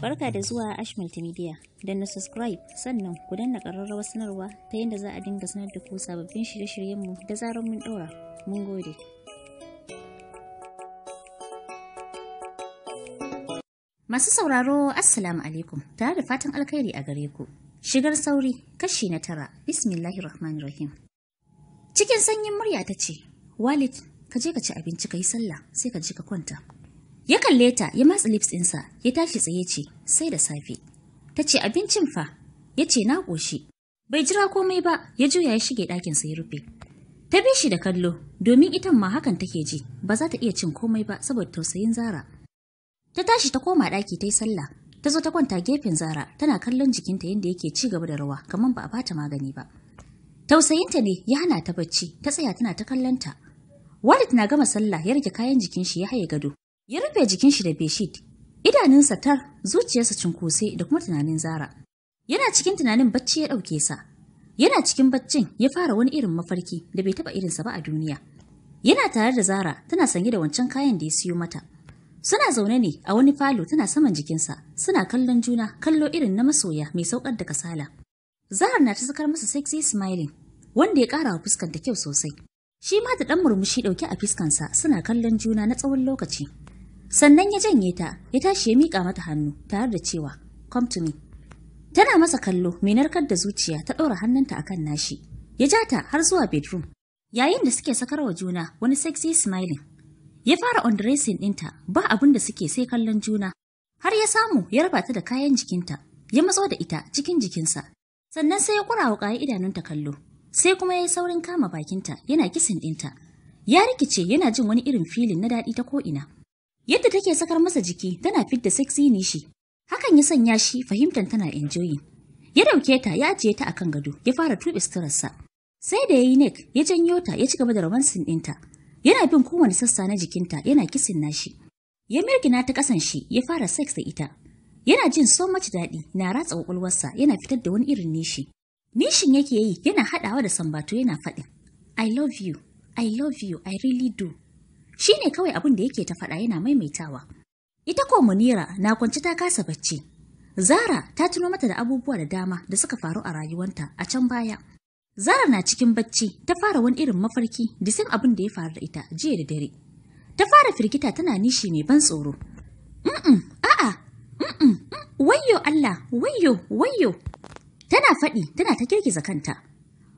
Barka da zuwa Ash Multimedia. Don na subscribe sannan ku danna ƙararrawar sanarwa ta yadda za a dinga sanar da ku sababbin shirye-shiryenmu da zarar mun ɗora. Mun gode. Masu sauraro Assalamu alaikum tare da fatan alkhairi a gare ku. Shigar sauri kashi na tara "Bismillahi Rahmanir Rahim. Cikin sanyin murya ta ce, Walid, ka je ka ci abinci ka yi sallah sai ka je ka kwanta. Ya kalle ta, ya matsa lips ɗinsa, ya tashi tsaye ce, sai da safe. Ta ce abincin fa, ya ce na ƙoshi. Bai jira komai ba, ya juya ya shige ɗakinsa ya rufe. Ta bi shi da kallo, domin ita ma hakan take ji, ba za ta iya cin komai ba saboda tausayin Zara. Ta tashi ta koma ɗaki ta yi sallah, ta zo ta kwanta gefen Zara, tana kallon jikinta yadda yake ci gaba da rawa, kamar ba a bata magani ba. Tausayinta ne ya hana ta bacci, ta tsaya tana ta kallon ta. Walid na gama sallah ya rage kayan jikin shi ya haye gado, Ya rufe jikin shi da beshit, idanunsa tar, zuciyarsa cunkose da kuma tunanin Zara. Yana cikin tunanin bacci ya ɗauke sa. Yana cikin baccin ya fara wani irin mafarki da bai taɓa irinsa ba a duniya. Yana tare da Zara tana sanye da wancan kayan da ya siyo mata. Suna zaune ne a wani falo tana saman jikinsa, suna kallon juna, kallo irin na masoya mai saukar da kasala. Zahar na ta sakar masa sexy smiling, wanda ya ƙara wa fuskanta kyau sosai. Shi ma da ɗan murmushi ɗauke a fuskansa suna kallon juna na tsawon lokaci. sannan ya janye ta ya tashi ya miƙa mata hannu tare da cewa come to me tana masa kallo mai narkar da zuciya ta ɗora hannunta a kan nashi ya ja ta har zuwa bedroom yayin da suke sakar wa juna wani sexy smiling ya fara dressing ɗinta ba abin da suke sai kallon juna har ya samu ya raba ta da kayan jikinta ya matso da ita cikin jikinsa sannan sai ya kurawa ƙayi idanunta kallo sai kuma ya yi saurin kama bakinta yana kisin ɗinta ya rikice yana jin wani irin filin na daɗi ta ko'ina Yadda take sakar masa jiki tana fidda sexy nishi. Hakan ya sanya shi fahimtar tana enjoying. Ya dauke ta ya ajiye ta akan gado ya fara tuɓe suturarsa. Sai da yayi yi nek ya janyo ta ya cigaba gaba da din ɗinta. Yana bin kowane sassa na jikinta yana kisin nashi. Ya mirgina ta kasan shi ya fara sex da ita. Yana jin so much daɗi na ratsa kwakwalwarsa yana fitar da wani irin nishi. Nishin yake yi yana haɗawa da sambato yana faɗin. I love you, I love you, I really do. Shi ne kawai abin da yake ta faɗa yana maimaitawa. Ita ko Munira na kwanci ta kasa bacci. Zara ta tuno mata da abubuwa da dama da suka faru a rayuwanta a can baya. Zara na cikin bacci ta fara wani irin mafarki da san abin da ya faru da ita jiya da dare. Ta fara firgita tana nishi mai ban tsoro. Mm a'a, mm wayyo Allah, wayyo, wayyo. Tana faɗi tana ta girgiza kanta.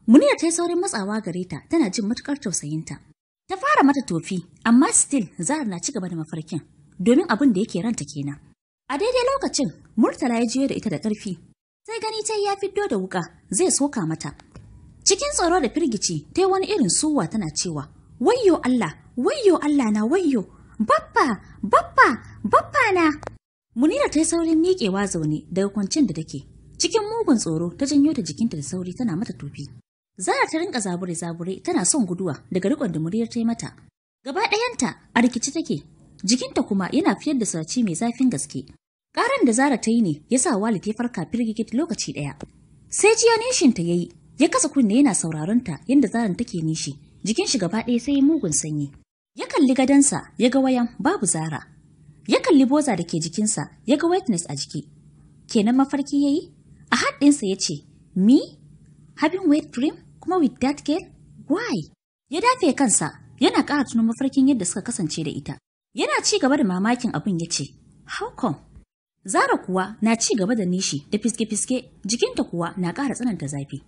Munira ta yi saurin matsawa gare ta tana jin matukar tausayinta. Ta fara mata tofi, amma still Zara na ci gaba da mafarkin, domin abin da yake ranta kenan. A daidai lokacin, Murtala ya jiyo da ita da ƙarfi. Sai gani ta ya fiddo da wuka, zai soka mata. Cikin tsoro da firgici, ta wani irin suwa tana cewa, "Wayyo Allah, wayyo Allah na wayyo, bappa, bappa, bappa na." Munira ta yi saurin miƙewa zaune daga kwancin da take. Cikin mugun tsoro ta janyo ta jikinta da sauri tana mata tofi. Zara ta rinka zabure-zabure tana son guduwa daga rikon da muryar ta yi mata. Gaba ɗayanta a rikici take, jikinta kuma yana fiyar da sarci mai zafin gaske. Ƙaran da Zara ta yi ne ya sa Walid ya farka firgigit lokaci ɗaya. Sai jiya nishin ta yi. ya kasa kunne yana sauraron ta yadda Zaran take nishi, jikin shi gaba ɗaya sai mugun sanyi. Ya kalli gadansa ya ga wayan babu Zara. Ya kalli boza da ke jikinsa ya ga whiteness a jiki. Kenan mafarki ya yi? A haɗinsa ya ce, Mi? Having wet cream? kuma with that girl? Why? Ya dafe kansa, yana ƙara tunan mafarkin yadda suka kasance da ita. Yana ci gaba da mamakin abin ya ce, How come? Zara kuwa na ci gaba da nishi da fiske-fiske, jikinta kuwa na ƙara tsananta zafi.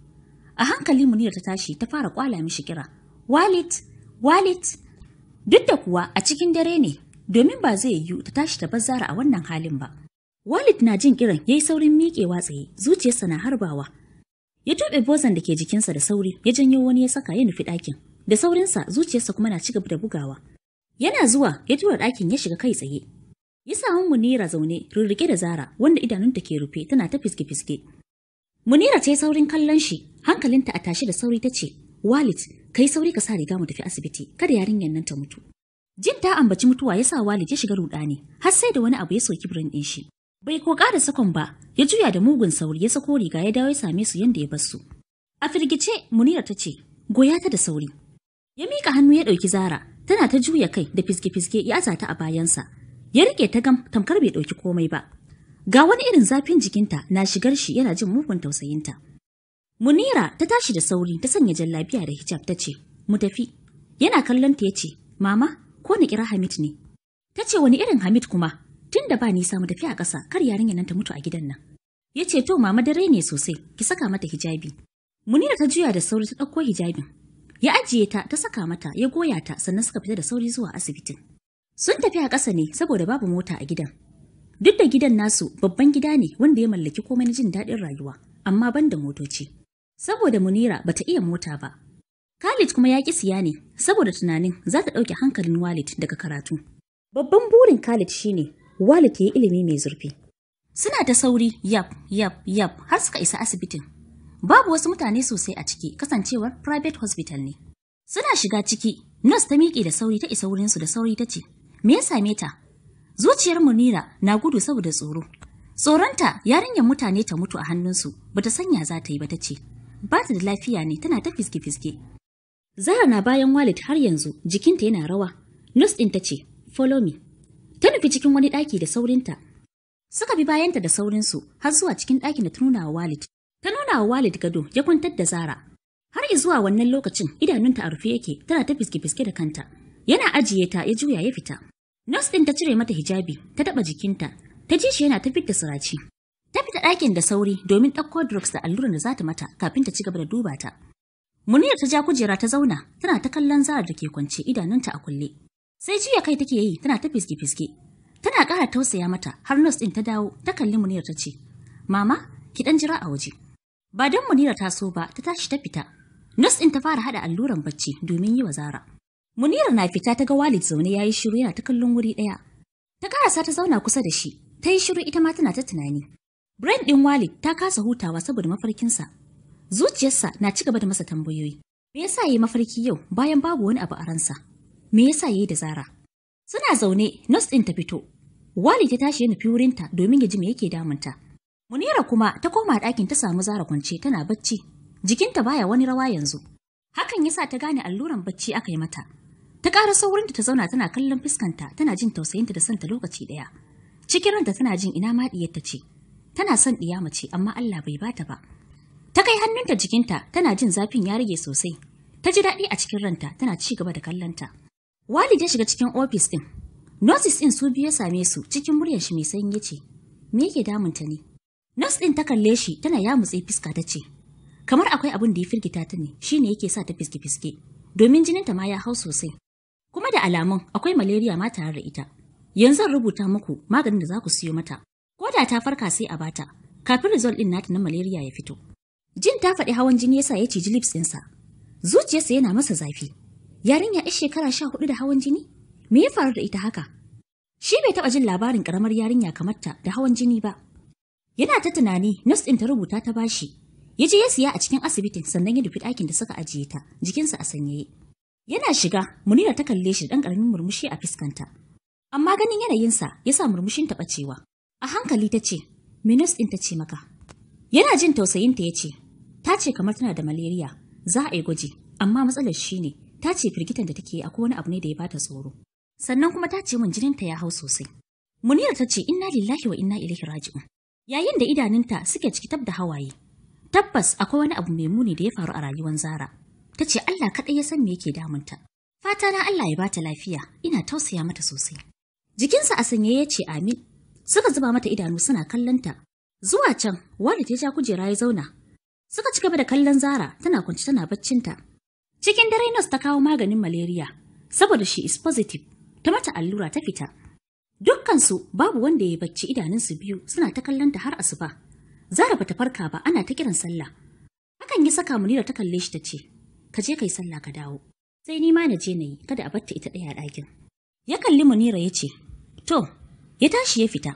A hankali Munira ta tashi ta fara kwala mishi kira. Walit. Walit. Duk da kuwa a cikin dare ne, domin ba zai yiwu ta tashi ta bar Zara a wannan halin ba. Walid na jin kiran yayi saurin miƙewa tsaye, zuciyarsa na harbawa, Ya tuɓe bozan da ke jikinsa da sauri, ya janyo wani ya saka ya nufi ɗakin. Da saurinsa zuciyarsa kuma na ci gaba da bugawa. Yana zuwa ya tura ɗakin ya shiga kai tsaye. Ya samu Munira zaune rurrike da Zara wanda idanunta ke rufe tana ta fiske-fiske. Munira ta yi saurin kallon shi, hankalinta a tashi da sauri ta ce, Walid, kai sauri ka sa riga mu tafi asibiti, kada yarinyar nan ta mutu. Jin ta ambaci mutuwa ya sa Walid ya shiga rudani, har sai da wani abu ya soki birin ɗin shi. Bai ko ƙara sakon ba, ya juya da mugun sauri ya sako riga ya dawo ya same su yadda ya bar su. A firgice, Munira ta ce, goya ta da sauri. Ya miƙa hannu ya ɗauki Zara, tana ta juya kai da fiske-fiske ya aza ta a bayansa. Ya riƙe ta gam tamkar bai ɗauki komai ba. Ga wani irin zafin jikinta na shigar shi yana jin mugun tausayinta. Munira ta tashi da sauri ta sanya jallabiya da hijab ta ce, mu tafi. Yana kallon ta ya ce, Mama, ko na kira Hamid ne? Ta ce wani irin Hamid kuma, tun da ba nisa mu tafi a ƙasa kar yarinyar nan ta mutu a gidan nan. Ya ce to mama dare ne sosai ki saka mata hijabi. Munira ta juya da sauri ta ɗauko hijabin. Ya ajiye ta ta saka mata ya goya ta sannan suka fita da sauri zuwa asibitin. Sun tafi a ƙasa ne saboda babu mota a gidan. Duk da gidan nasu babban gida ne wanda ya mallaki komai na jin daɗin rayuwa amma ban da motoci. Saboda Munira bata iya mota ba. Khalid kuma ya ƙi siya ne saboda tunanin za ta ɗauke hankalin Walid daga karatu. Babban burin Khalid shine Walid ke yi ilimi mai zurfi. Suna ta sauri yab yab yab har suka isa asibitin. Babu wasu mutane sosai a ciki kasancewar private hospital ne. Suna shiga ciki, nurse ta miƙe da sauri ta isa wurinsu da sauri ta ce, Me ya same ta? Zuciyar Munira na gudu saboda tsoro. Tsoronta yarinyar mutane ta mutu a hannunsu, bata sanya za ta yi ba ta ce, ba ta da lafiya ne tana ta fiske-fiske. Zara na bayan Walid har yanzu jikinta yana rawa. Nurse ɗin ta ce, follow me. Ta nufi cikin wani ɗaki da saurinta. Suka bi bayanta da saurinsu har zuwa cikin ɗakin da ta nuna wa Walid. Ta nuna wa Walid gado ya kwantar da Zara. Har zuwa wannan lokacin idanunta a rufe yake tana ta fiske-fiske da kanta. Yana ajiye ta ya juya ya fita. Nas ɗin ta cire mata hijabi ta taɓa jikinta. Ta ji shi yana ta da suraci. Ta fita ɗakin da sauri domin ɗauko drugs da alluran da za ta mata kafin ta ci gaba da duba ta. Muniyar ta ja kujera ta zauna tana ta kallon Zara da ke kwance idanunta a kulle. Sai jiya kai take yi tana ta fiske-fiske. Tana ƙara tausaya mata har nos ɗin ta dawo ta kalli Munira ta ce, Mama, ki ɗan jira a waje. Ba don Munira ta so ba ta tashi ta fita. Nos ɗin ta fara haɗa alluran bacci domin yi wa Zara. Munira na fita ta ga Walid zaune ya yi shiru yana ta kallon wuri ɗaya. Ta ƙarasa ta zauna kusa da shi, ta yi shiru ita ma tana ta tunani. Brain ɗin Walid ta kasa hutawa saboda mafarkinsa. Zuciyarsa na ci gaba da masa tambayoyi. Me yasa yi mafarki yau bayan babu wani abu a ransa? me yasa yayi da Zara. Suna zaune, nurse ɗin ta fito. Wali ta tashi yana nufi wurinta domin ya ji me yake damunta. Munira kuma ta koma ɗakin ta samu Zara kwance tana bacci. Jikinta baya wani rawa yanzu. Hakan yasa ta gane alluran bacci aka yi mata. Ta ƙara saurin da ta zauna tana kallon fuskanta tana jin tausayinta da santa lokaci ɗaya. Cikin ranta tana jin ina ma ta ce. Tana son ɗiya mace amma Allah bai bata ba. Ta kai hannunta jikinta tana jin zafin ya rage sosai. Ta ji daɗi a cikin ranta tana ci gaba da kallonta. Walid ya shiga cikin ofis ɗin. Nurses ɗin su biyu ya same su cikin muryar shi mai sanyi ya ce, Me yake damun ta ne? Nurse ɗin ta kalle shi tana yamutse fiska ta ce, Kamar akwai abin da ya firgita ta ne shi ne yake sa ta fiske-fiske, domin jininta ma ya hau sosai. Kuma da alamun akwai malaria ma tare da ita. Yanzu zan rubuta muku maganin da za ku siyo mata. Ko ta farka sai a bata, kafin result din nata na malaria ya fito. Jin ta faɗi hawan jini yasa ya ciji lips ɗinsa. Zuciyarsa yana masa zafi. Yarinya ya shekara sha hudu da hawan jini? Me ya faru da ita haka? Shi bai taɓa jin labarin ƙaramar yarinya kamar ta da hawan jini ba. Yana ta tunani, nurse ɗin ta rubuta ta bashi. Ya je ya siya a cikin asibitin sannan ya nufi ɗakin da suka ajiye ta, jikinsa a sanyaye. Yana shiga, Munira ta kalle shi ɗan ƙaramin murmushi a fuskanta. Amma ganin yanayinsa ya sa murmushin ta ɓacewa. A hankali ta ce, me nurse ɗin ta ce maka? Yana jin tausayinta ya ce, ta ce kamar tana da maleriya, za a yi gwaji, amma matsalar shi ne, Ta ce firgitan da take akwai wani abu ne da ya bata tsoro. Sannan kuma ta ce min jininta ya hau sosai. Munira ta ce inna lillahi wa inna ilaihi raji'un. Yayin da idanunta suke ciki tab da hawaye. Tabbas akwai wani abu mai muni da ya faru a rayuwar Zara. Ta ce Allah kaɗai ya san me yake damunta. Fata na Allah ya bata lafiya, ina tausaya mata sosai. Jikinsa a sanye ya ce amin. Suka zuba mata idanu suna kallonta. Zuwa can, da ta ja kujera ya zauna. Suka ci gaba da kallon Zara tana kwance tana baccinta. Cikin dare nas ta kawo maganin malaria saboda shi is positive ta mata allura ta fita. Dukkansu babu wanda ya bacci idanunsu biyu suna ta kallonta har asuba. Zara bata farka ba ana ta kiran sallah. Hakan ya saka Munira ta kalle shi ta ce, "Ka je kai sallah ka dawo." Sai ni ma na je nayi kada a batta ita ɗaya ɗakin. Ya kalli Munira ya ce, "To, ya tashi ya fita."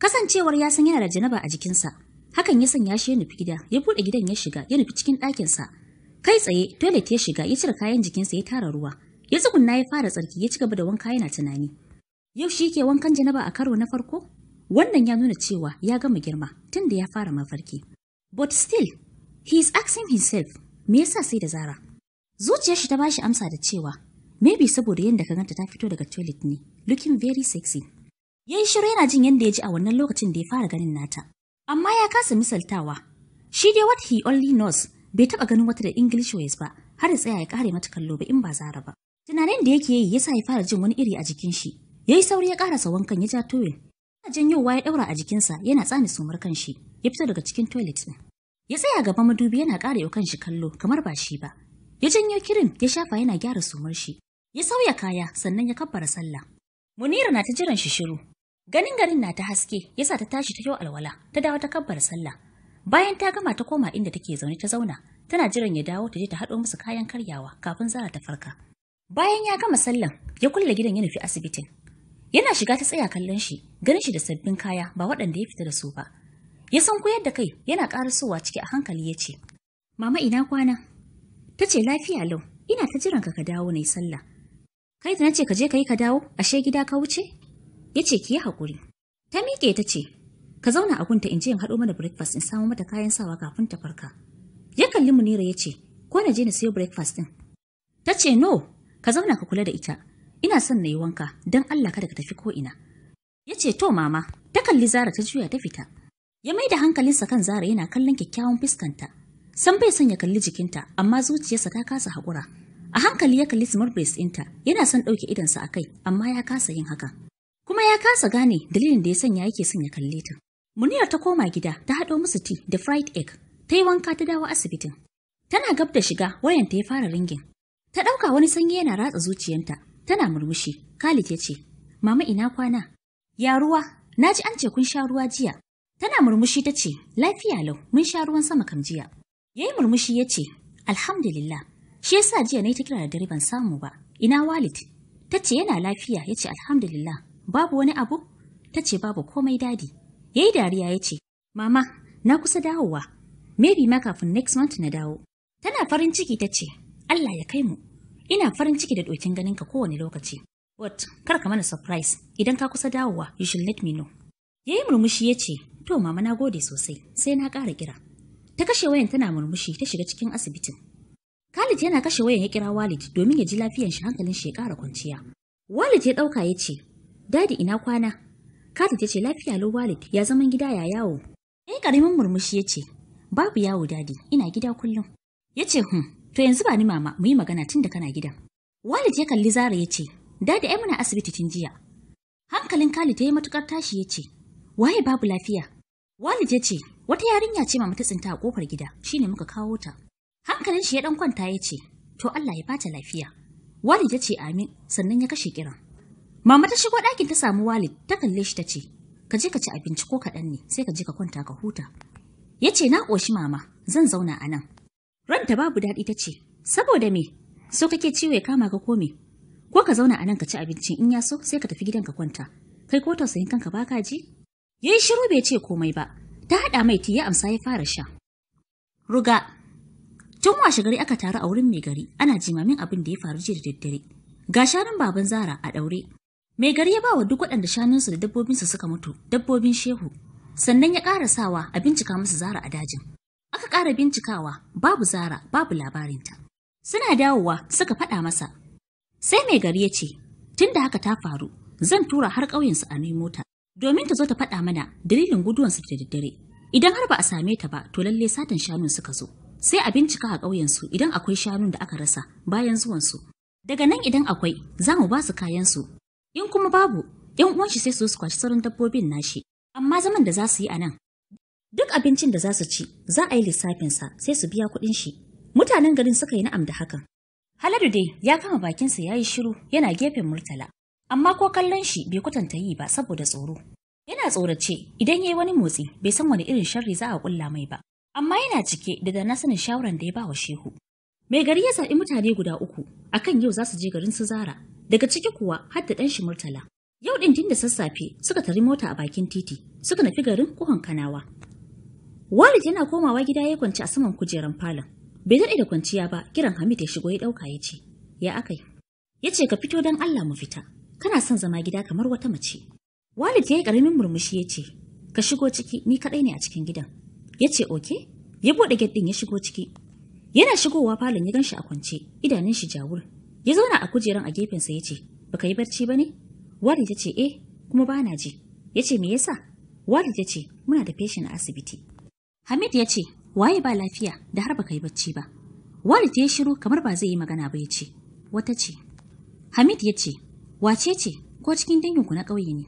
Kasancewar ya san yana da janaba a jikinsa, hakan ya sanya shi ya nufi gida, ya buɗe gidan ya shiga, ya nufi cikin ɗakinsa. sa. Kai tsaye toilet ya shiga ya cire kayan jikinsa ya tara ruwa. Ya tsugunna ya fara tsarki ya ci gaba da wanka yana tunani. Yau shi ke wankan janaba a karo na farko? Wannan ya nuna cewa ya gama girma tun da ya fara mafarki. But still, he is asking himself, me yasa sai da zara? Zuciyar shi ta bashi amsa da cewa, maybe saboda yadda ka ganta ta fito daga toilet ne, looking very sexy. yayi shiru yana jin yadda ya ji a wannan lokacin da ya fara ganin nata. Amma ya kasa misaltawa. Shi dai what he only knows bai taɓa ganin wata da English ways ba, har ya tsaya ya kare mata kallo ba in ba zara ba. Tunanin da yake yi yasa ya fara jin wani iri a jikin shi. Yayi sauri ya karasa wankan ya ja towel. Ya janyowa ya daura a jikin sa yana tsani sumar kan shi Ya fito daga cikin toilet din. Ya tsaya gaba madubi yana kan kanshi kallo kamar ba shi ba. Ya janyo kirin ya shafa yana gyara sumar shi. Ya sauya kaya sannan ya kabbara sallah. Munira na ta jiran shi shiru. Ganin garin na ta haske yasa ta tashi ta yau alwala ta dawo ta kabbara sallah. Bayan ta gama ta koma inda take zaune ta zauna, tana jiran ya dawo ta je ta haɗo musu kayan karyawa kafin Zara ta farka. Bayan ya gama sallan, ya kulle gidan ya nufi asibitin. Yana shiga ta tsaya kallon shi, ganin shi da sabbin kaya ba waɗanda ya fita da su ba. Ya san koyar da kai yana ƙarasowa ciki a hankali ya ce, Mama ina kwana? Ta ce lafiya lau, ina ta jiran ka ka dawo na yi sallah. Kai da na ce ka je ka yi ka dawo, ashe gida ka wuce? Ya ce ki yi haƙuri. Ta miƙe ta ce, Ka zauna a gunta in je in haɗo mana breakfast in samo mata kayan sawa kafin ta farka. Ya kalli Munira ya ce, ko na je na sayo breakfast ɗin. Ta ce no, ka zauna ka kula da ita. Ina son na yi wanka don Allah kada ka tafi ko ina. Ya ce to mama, ta kalli Zara ta juya ta fita. Ya mai da hankalinsa kan Zara yana kallon kyakkyawan fuskanta. San bai son ya kalli jikinta, amma zuciyarsa ta kasa haƙura. A hankali ya kalli smart brace ɗinta, yana son ɗauke idonsa a kai, amma ya kasa yin haka Kuma ya kasa gane dalilin da ya sanya yake son ya kalle ta. Muniyar ta koma gida ta haɗo musu ti da fried egg, ta yi wanka ta dawo asibitin. Tana gab da shiga wayan ta ya fara ringin. Ta ɗauka wani sanyi yana ratsa zuciyanta, tana murmushi. Khalid ya ce, Mama ina kwana? Ya ruwa, na ji an ce kun sha ruwa jiya. Tana murmushi ta ce, Lafiya lau, mun sha ruwan sama kam jiya. Ya yi murmushi ya ce, Alhamdulillah, shi ya sa jiya na yi ta kira da dare ban samu ba. Ina Walid? Ta ce yana lafiya ya ce Alhamdulillah, babu wani abu? Ta ce babu komai dadi. Ya yi dariya ya ce, Mama, na kusa dawowa, maybe ma kafin next month na dawo. Tana farin ciki ta ce, Allah ya kai mu, ina farin ciki da ɗokin ganinka kowane lokaci. What, kar ka mana surprise, idan ka kusa dawowa, you should let me know. Ya yi murmushi ya ce, To mama na gode sosai, sai na ƙara kira. Ta kashe wayan tana murmushi ta shiga cikin asibitin. Khalid yana kashe wayan ya kira Walid domin ya ji lafiyan shi hankalin shi ya ƙara kwanciya. Walid ya ɗauka ya ce, Dadi ina kwana, Khalid ya ce lafiya lo Walid ya zaman gida ya yawo. Ya eh, karamin murmushi ya ce babu yawo dadi ina gida kullum. Ya ce hmm to yanzu ba ni mama mu yi magana tun da kana gida. Walid ya kalli Zara ya ce dadi ai muna asibiti tun jiya. Hankalin Khalid ya yi matuƙar tashi ya ce waye babu lafiya. Walid ya ce wata yarinya ce mama ta tsinta a kofar gida Shi ne muka kawo ta. Hankalin shi ya ɗan kwanta ya ce to Allah ya bata lafiya. Walid ya ce amin sannan ya kashe kiran. Mama ta shigo ɗakin ta samu Walid ta kalle shi ta ce, Ka je ka ci abinci ko kaɗan ne sai ka je ka kwanta ka huta. Ya ce na ƙoshi mama zan zauna a nan. Ranta babu daɗi ta ce, Saboda me? So kake ciwo ya kama ka kome? Ko ka zauna a nan ka ci abinci in ya so sai ka tafi gidan ka kwanta. Kai ko tausayin kanka ba ka ji? Ya yi shiru bai ce komai ba. Ta haɗa mai ya amsa ya fara sha. Ruga, Tun washe gari aka taru a wurin mai gari, ana jimamin abin da ya faru jiya da daddare. Ga shanun baban Zara a ɗaure, Mai gari ya bawa duk waɗanda shanunsu da dabbobinsu suka mutu dabbobin shehu, sannan ya ƙara sawa a bincika musu zara a dajin. Aka ƙara bincikawa babu zara babu labarinta. Suna dawowa suka faɗa masa. Sai mai gari ya ce, tun da haka ta faru, zan tura har ƙauyensu a mota domin ta zo ta faɗa mana dalilin guduwansu da daddare. Idan har ba a same ta ba, to lalle satan shanun suka zo. Sai a bincika a ƙauyensu idan akwai shanun da aka rasa bayan zuwansu. Daga nan idan akwai, za mu ba su kayansu in kuma babu yan uwan shi sai su su kwashi sauran dabbobin nashi amma zaman da za su yi anan. duk abincin da za su ci za a yi lissafin sa sai su biya kuɗin shi mutanen garin suka yi na'am da hakan Haladu dai ya kama sa ya yi shiru yana gefen Murtala amma ko kallon shi bai kwatanta yi ba saboda tsoro yana tsorace idan yayi wani motsi bai san wani irin sharri za a kulla mai ba amma yana cike da dana sanin shawaran da ya ba wa shehu mai gari ya zaɓi mutane guda uku akan yau za su je garin su zara daga ciki kuwa har da ɗan shi Murtala. Yau ɗin tun da sassafe suka tari mota a bakin titi suka nufi garin kuhon Kanawa. Walid yana komawa gida ya kwanci a saman kujeran falon. Bai daɗe da kwanciya ba kiran Hamid ya shigo ya ɗauka ya ce, Ya akai. Ya ce ka fito don Allah mu fita, kana son zama gida kamar wata mace. Walid ya yi ƙaramin murmushi ya ce, Ka shigo ciki ni kaɗai ne a cikin gidan. Ya ce, Oke, ya buɗe gate ɗin ya shigo ciki. Yana shigowa falon ya gan shi a kwance, idanun shi jawur, Ya zauna a kujeran a gefensa ya ce, Baka yi barci ba ne? Wari ta ce, Eh, kuma ba na ji. Ya ce, Me yasa? Wari ta ce, Muna da feshin a asibiti. Hamid ya ce, Waye ba lafiya da har baka yi barci ba. Wari ta ya shiru kamar ba zai yi magana ba ya ce, Wata ce. Hamid ya ce, Wace ce? Ko cikin danginku na ƙauye ne?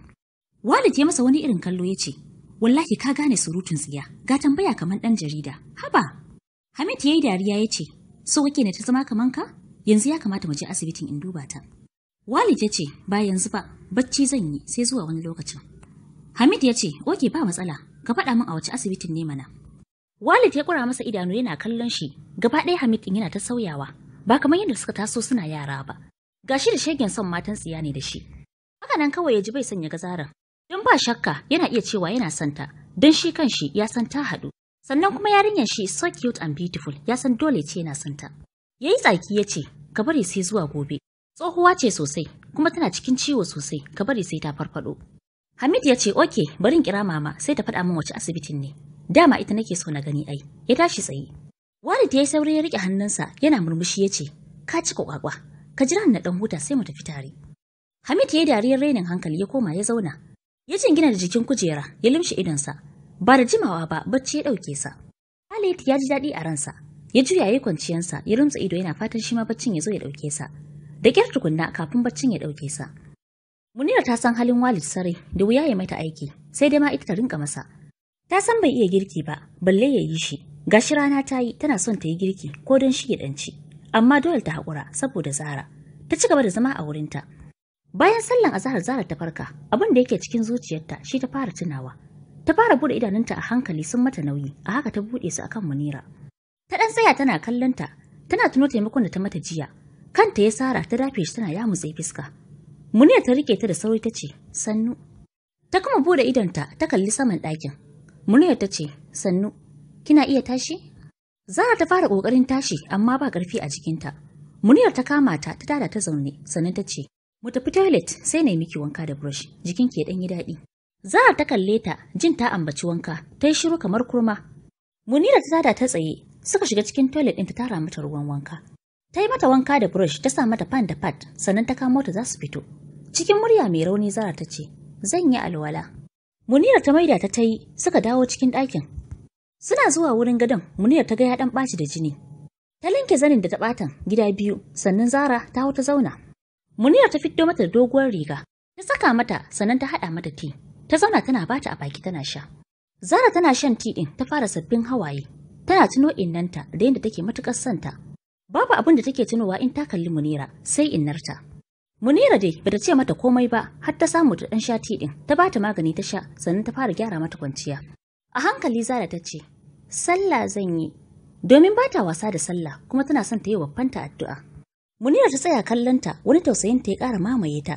Walid ya masa wani irin kallo ya ce, Wallahi ka gane surutun tsiya, ga tambaya kamar ɗan jarida. Haba! Hamid ya yi dariya ya ce, So kake ne ta zama kamar ka? yanzu ya kamata mu je asibitin in duba ta. Walid ya ce, ba yanzu ba, bacci zan yi sai zuwa wani lokacin. Hamid ya ce, oke ba matsala, ka faɗa min a wace asibitin ne mana. Walid ya kura masa idanu yana kallon shi, gaba ɗaya Hamid ɗin yana ta sauyawa, ba kamar yadda suka taso suna yara ba. Gashi da shegen son matan tsiya ne da shi. Haka nan kawai ya ji bai sanya gazaran. Don ba shakka yana iya cewa yana santa, don shi kan shi ya san ta haɗu. Sannan kuma yarinyar shi so cute and beautiful, ya san dole ce yana santa. Ya yi tsaki ya ce, ka bari sai zuwa gobe. Tsohuwa ce sosai, kuma tana cikin ciwo sosai, ka bari sai ta farfado. Hamid ya ce, "Oke, bari in kira mama, sai ta faɗa min wace asibitin ne." Dama ita nake so na gani ai. Ya tashi tsaye. Walid ya yi saurayi ya riƙe hannunsa, yana murmushi ya ce, "Ka cika kwakwa, ka jira na ɗan huta sai mu tafi tare." Hamid ya yi dariyar rainin hankali ya koma ya zauna. Ya jingina da jikin kujera, ya limshi idonsa. Ba da jimawa ba, bacci ya ɗauke sa. Khalid ya ji daɗi a ransa. ya juya ya kwanciyansa ya runtsa ido yana fatan shi ma baccin ya zo ya dauke sa da kyar tukunna kafin baccin ya dauke sa Munira ta san halin Walid sarai da wuya ya mata aiki sai dai ma ita ta rinka masa ta san bai iya girki ba balle ya yi shi gashi rana ta yi tana son ta yi girki ko don shi ya danci amma dole ta haƙura saboda Zara ta ci gaba da zama a wurinta bayan sallan azahar Zara ta farka abin da yake cikin zuciyarta shi ta fara tunawa ta fara bude idanunta a hankali sun mata nauyi a haka ta bude su akan Munira Ta dan tsaya tana kallonta, tana tuno taimakon da ta mata jiya. Kanta ya sara ta dafe shi tana yamutse fiska. Muniya ta rike ta da sauri ta ce, "Sannu." Ta kuma bude idonta ta kalli saman ɗakin. Muniya ta ce, "Sannu, kina iya tashi?" Zara ta fara kokarin tashi amma ba karfi a jikinta. Muniyar ta kama ta ta tada ta zaune sannan ta ce, "Mu tafi toilet sai na yi miki wanka da brush, jikin ya ɗan yi daɗi." Zara ta kalle ta, jin ta ambaci wanka, ta yi shiru kamar kurma. Munira ta tada ta tsaye, suka shiga cikin toilet ɗin ta tara mata ruwan wanka. Ta yi mata wanka da brush ta sa mata pan da pad sannan ta kamo ta za su fito. Cikin murya mai rauni Zara ta ce, "Zan yi alwala." Munira ta maida ta ta yi suka dawo cikin ɗakin. Suna zuwa wurin gadon, Munira ta ga ya ɗan ɓaci da jini. Ta linke zanin da ta ɓatan gida biyu, sannan Zara ta hau ta zauna. Munira ta fito mata da doguwar riga, ta saka mata sannan ta haɗa mata ti. Ta zauna tana bata a baki tana sha. Zara tana shan ti ɗin ta fara sabbin hawaye. tana tuno innanta da yadda take matukar santa. Babu abin da take tunowa in ta kalli Munira sai innarta. Munira dai bata ce mata komai ba har ta samu ta dan shati din ta bata magani ta sha sannan ta fara gyara mata kwanciya. A hankali Zara ta ce, "Sallah zan yi." Domin bata wasa da sallah kuma tana son ta yi wa fanta addu'a. Munira ta tsaya kallonta wani tausayin ta ya kara mamaye ta.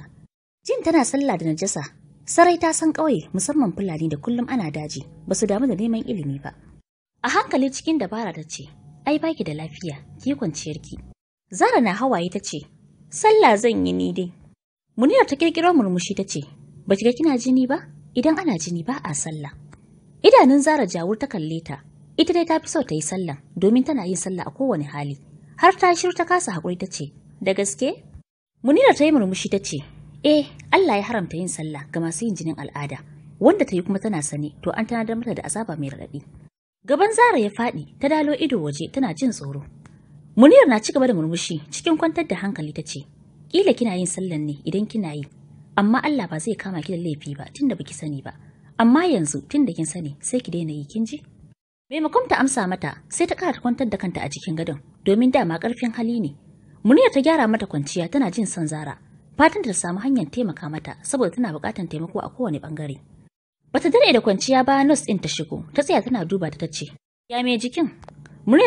Jin tana sallah da najasa, sarai ta san ƙauye musamman Fulani da kullum ana daji, ba su damu da neman ilimi ba. A hankali cikin dabara ta ce, ai baki da lafiya, ki kwanciyar ki. Zara na hawaye ta ce, sallah zan yi ni dai. Muniyar ta kirkiro murmushi ta ce, ba ki ga kina jini ba? Idan ana jini ba a sallah. Idanun Zara jawur ta kalle ta, ita dai ta fi so ta yi sallah domin tana yin sallah a kowane hali. Har ta shiru ta kasa hakuri ta ce, da gaske? Munira ta yi murmushi ta ce, eh, Allah ya haramta yin sallah ga masu yin jinin al'ada, wanda ta yi kuma tana sani to an tana da mata da azaba mai raɗaɗi. Gaban Zara ya faɗi ta dalo ido waje tana jin tsoro. Muniyar na cigaba da murmushi cikin kwantar da hankali ta ce, "Kila kina yin sallan ne idan kina yi, amma Allah ba zai kama ki da laifi ba tunda baki sani ba. Amma yanzu tunda kin sani sai ki daina yi kin ji?" Maimakon ta amsa mata, sai ta ƙara kwantar da kanta a cikin gadon, domin dama ƙarfin hali ne. Muniyar ta gyara mata kwanciya tana jin son Zara, fatan ta samu hanyar taimaka mata saboda tana buƙatar taimako a kowane ɓangare. Bata dare da kwanciya ba nurse ɗin ta shigo, ta tsaya tana duba ta tace, "Ya me jikin?"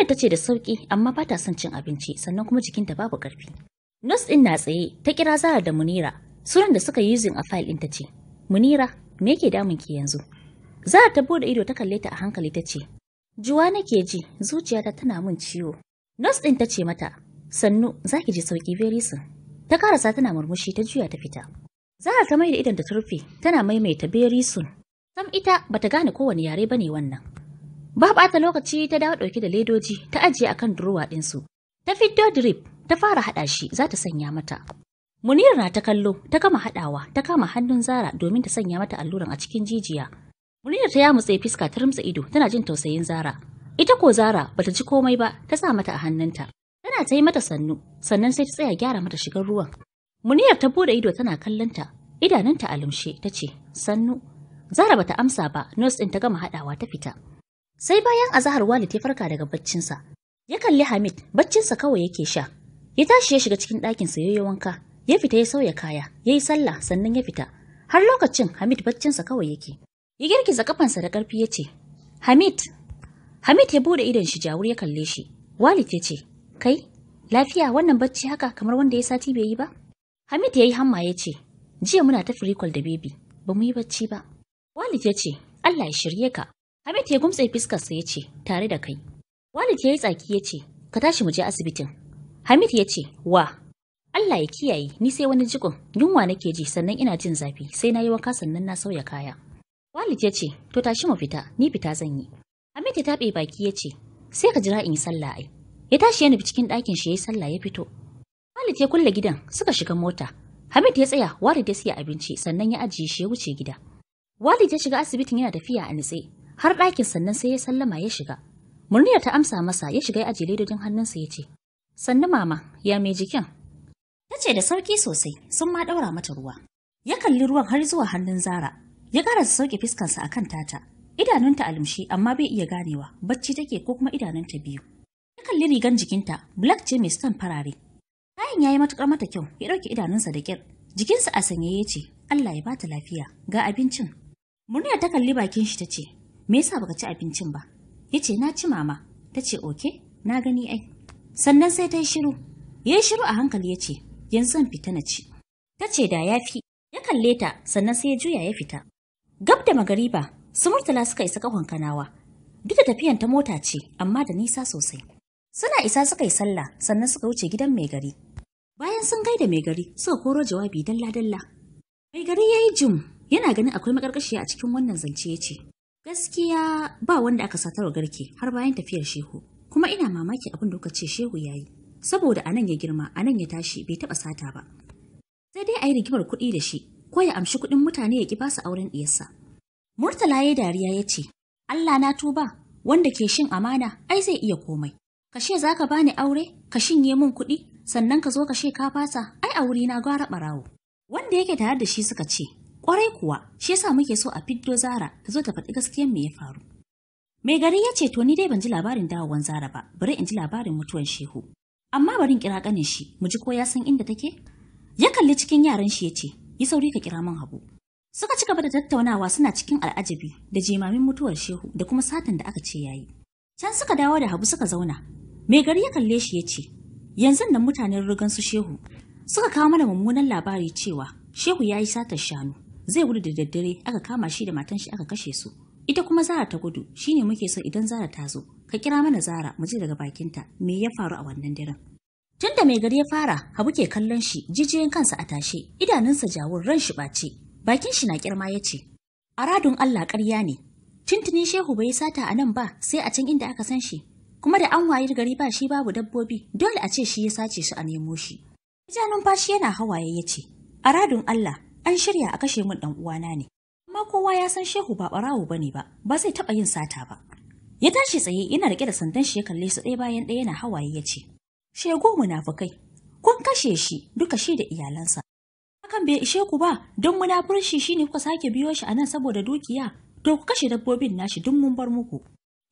ta ce da sauki amma ba ta son cin abinci sannan kuma jikinta babu ƙarfi. Nurse ɗin na tsaye ta kira Zara da Munira, sunan da suka yi using a file ta ce. "Munira, me yake damun ki yanzu?" Zara ta bude ido ta kalle ta a hankali ta ce. "Juwa nake ji, zuciyata tana min ciwo." Nurse ɗin ce mata, "Sannu, zaki ji sauki very soon." Ta karasa tana murmushi ta juya ta fita. Zara ta mai da idan rufe, tana maimaita very soon Sam ita bata gane kowane yare bane wannan. Ba bata lokaci ta dawo ɗauke da ledoji ta ajiye akan durowa su Ta fiddo drip ta fara haɗa shi za ta sanya mata. Munir na ta kallo ta kama haɗawa ta kama hannun Zara domin ta sanya mata alluran a cikin jijiya. Munir ta mutse fiska ta rumtsa ido tana jin tausayin Zara. Ita ko Zara bata ji komai ba ta sa mata a hannunta. Tana ta yi mata sannu sannan sai ta tsaya gyara mata shigar ruwan. Muniyar ta bude ido tana kallonta, idanunta a lumshe ta ce, Sannu, Zara bata amsa ba, nurse ɗin ta gama haɗawa ta fita. Sai bayan azahar Walid ya farka daga baccinsa. Ya kalli Hamid, baccinsa kawai yake sha. Ya tashi ya shiga cikin ɗakin sa yayi wanka, ya fita ya sauya kaya, ya yi sallah sannan ya fita. Har lokacin Hamid baccinsa kawai yake. Ya girgiza kafansa da ƙarfi ya ce, Hamid, Hamid ya bude idon shi jawur ya kalle shi. Walid ya ce, Kai, lafiya wannan bacci haka kamar wanda ya sati bai yi ba? Hamid ya yi hamma ya ce, Jiya muna ta firikol da bebi, ba mu yi bacci ba. Walid ya ce, Allah ya shirye ka. Hamid ya gumtse fuskarsa ya ce, tare da kai. Walid ya yi tsaki ya ce, ka tashi mu je asibitin. Hamid ya ce, wa, Allah ya kiyaye, ni sai wani jikon, yunwa nake ji sannan ina jin zafi, sai na yi wanka sannan na sauya kaya. Walid ya ce, to tashi mu fita, ni fita zan yi. Hamid ya taɓe baki ya ce, sai ka jira in yi sallah ai. Ya tashi ya nufi cikin ɗakin shi ya yi sallah ya fito. Walid ya kulle gidan suka shiga mota. Hamid ya tsaya, Walid ya siya abinci sannan ya ajiye shi ya wuce gida. Wali ya shiga asibitin yana tafiya a nitse, har ɗakin sannan sai ya sallama ya shiga. Murniya ta amsa masa ya shiga ya ajiye ledojin hannunsa ya ce, Sannu mama, ya mai jikin? Ta ce da sauƙi sosai, sun ma ɗaura mata ruwa. Ya kalli ruwan har zuwa hannun Zara, ya ƙara sauke fuskarsa a kan tata. Idanunta a alumshi amma bai iya ganewa, bacci take ko kuma idanunta biyu. Ya kalli rigan jikinta, black ce mai stan farare. Kayan ya yi matuƙar mata kyau, ya ɗauke idanunsa da ƙyar. Jikinsa a sanye ya ce, Allah ya bata lafiya, ga abincin, Murya ta kalli bakin shi ta ce, Me yasa baka ci abincin ba? yace ce, Na ci mama. Ta ce, Oke, na gani ai. Sannan sai ta yi shiru. Ya yi shiru a hankali ya ce, Yanzu zan fita na ci. Ta ce da ya fi. Ya kalle ta sannan sai ya juya ya fita. Gab da magariba, su murtala suka isa kahon kanawa. Duk da tafiyan ta mota ce, amma da nisa sosai. Suna isa suka yi sallah sannan suka wuce gidan mai gari. Bayan sun gaida mai gari suka koro jawabi dalla-dalla. Mai gari ya yi jim yana ganin akwai makarkashiya a cikin wannan zance ya ce gaskiya ba wanda aka satarwa garke har bayan tafiyar shehu kuma ina mamaki abin da kuka ce shehu ya yi saboda a nan ya girma a nan ya tashi bai taɓa sata ba sai dai a yi rigimar kuɗi da shi ko ya amshi kuɗin mutane ya ƙi ba auren ɗiyarsa. Murtala ya dariya ya ce, Allah na tuba, wanda ke shin amana, ai zai iya komai. Kashe za ka bani aure, ka shinye mun kuɗi, sannan ka zo kashe ka fasa, ai a wuri na gwara ɓarawo. Wanda yake tare da shi suka ce, Ƙwarai kuwa, shi yasa muke so a fiddo Zara ta zo ta faɗi gaskiyan me ya faru. Mai gari ya ce to ni dai ban ji labarin dawowan Zara ba, bari in ji labarin mutuwan Shehu. Amma bari in kira ƙanin shi, mu ji ko ya san inda take? Ya kalli cikin yaran shi ya ce, yi sauri ka kira min Habu. Suka ci gaba da tattaunawa suna cikin al'ajabi da jimamin mutuwar Shehu da kuma satan da aka ce ya yi. Can suka dawo da Habu suka zauna. Mai gari ya kalle shi ya ce, yanzu nan mutanen rugan su Shehu suka kawo mana mummunan labari cewa Shehu ya yi satar shanu. zai gudu da daddare aka kama shi da matan shi aka kashe su ita kuma Zara ta gudu shine muke so idan Zara ta zo ka kira mana Zara mu ji daga bakinta me ya faru a wannan daren tunda mai gari ya fara Habu ke kallon shi jijiyoyin kansa a tashe idanunsa jawur ran shi bace bakin shi na kirma yace aradun Allah ƙarya ne tuntuni shehu bai sata a nan ba sai a can inda aka san shi kuma da an wayi gari ba shi babu dabbobi dole a ce shi ya sace su a nemo shi ja numfashi yana hawaye ya ce. aradun Allah an shirya a kashe min dan uwana ne amma kowa ya san shehu ba barawo bane ba ba zai taba yin sata ba ya tashi tsaye yana rike da sandan shi ya kalle su ɗaya bayan ɗaya yana hawaye ya ce shego munafukai kun kashe shi duka shi da iyalansa hakan bai ishe ku ba don shi shine kuka sake biyo shi anan saboda dukiya to ku kashe dabbobin nashi duk mun bar muku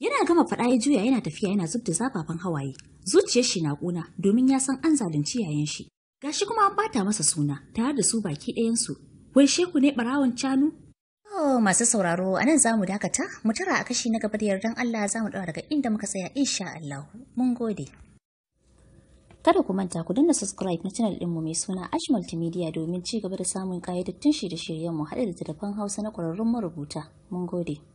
yana gama faɗa ya juya yana tafiya yana zub da zafafan hawaye zuciyar shi na ƙuna domin ya san an zalunci yayan shi Gashi kuma an bata masa suna tare da su baki ɗayansu. Wai sheku ne ɓarawon canu? Oh, masu sauraro a nan za mu dakata, mu tara a kashi na gaba da yardan Allah za mu ɗaura daga inda muka tsaya insha Allah. Mun gode. Kada ku manta ku danna subscribe na channel ɗinmu mai suna Ash Multimedia domin ci gaba da samun ƙayyadattun shirye-shiryenmu haɗe da tattafan Hausa na ƙwararrun marubuta. Mun gode.